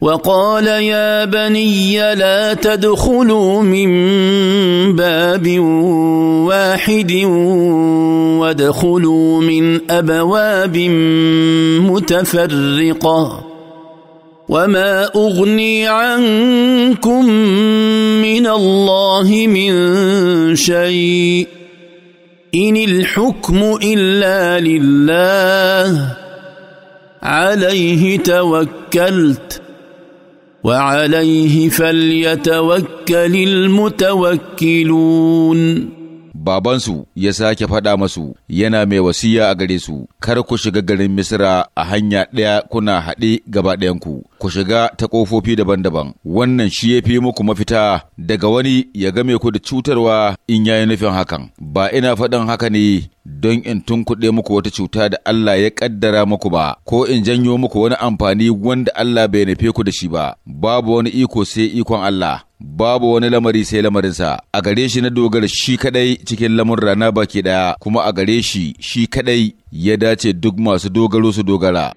وقال يا بني لا تدخلوا من باب واحد وادخلوا من ابواب متفرقه وما اغني عنكم من الله من شيء ان الحكم الا لله عليه توكلت وعليه فليتوكل المتوكلون babansu ya sake faɗa masu yana mai wasiya a gare su kar ku shiga garin Misira a hanya ɗaya kuna haɗe gaba ɗayanku ku shiga ta ƙofofi daban-daban wannan shi ya fi muku mafita daga wani ya game ku da cutarwa in yayi nufin hakan ba ina faɗin haka ne don in tunkuɗe muku wata cuta da Allah ya ƙaddara muku ba, ko in janyo muku wani amfani wanda Allah bai nufe ku da shi ba, babu wani iko sai ikon Allah. babu wani lamari sai lamarinsa a gare shi na dogara shi kadai cikin lamurra na baki daya kuma a gare shi shi kadai ya dace duk masu dogaro su dogara